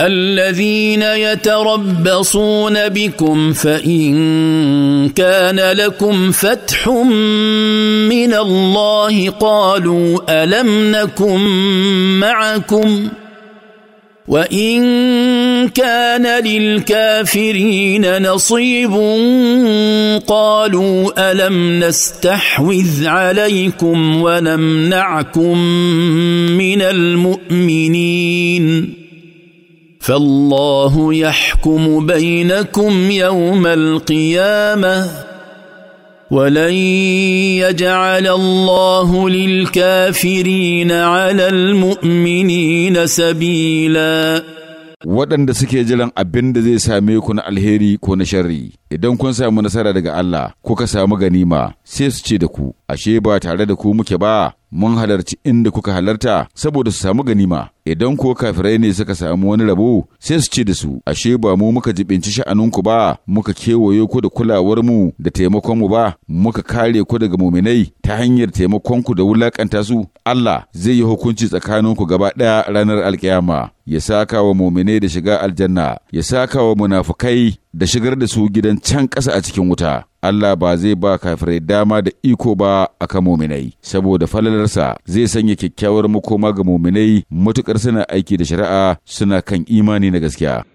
الذين يتربصون بكم فان كان لكم فتح من الله قالوا الم نكن معكم وان كان للكافرين نصيب قالوا الم نستحوذ عليكم ونمنعكم من المؤمنين فالله يحكم بينكم يوم القيامه ولن يجعل الله للكافرين على المؤمنين سبيلا waɗanda suke jiran abin da zai same ku na alheri ko na sharri idan kun samu nasara daga Allah kuka samu ganima sai su ce da ku ashe ba tare da ku muke ba mun halarci inda kuka halarta saboda su samu ganima idan ko kafirai ne suka samu wani rabo sai su ce da su ashe ba mu muka jibinci sha'aninku ba muka kewaye ku da kulawar mu da taimakon mu ba muka kare ku daga muminai ta hanyar taimakon ku da wulakanta su Allah zai yi hukunci tsakanin ku gaba ɗaya ranar alkiyama ya saka wa muminai da shiga aljanna ya saka wa munafukai da shigar da su gidan can ƙasa a cikin wuta. Allah ba zai ba kafirai dama da iko ba a kan muminai, saboda falalarsa zai sanya kyakkyawar makoma ga muminai matukar suna aiki da shari'a suna kan imani na gaskiya.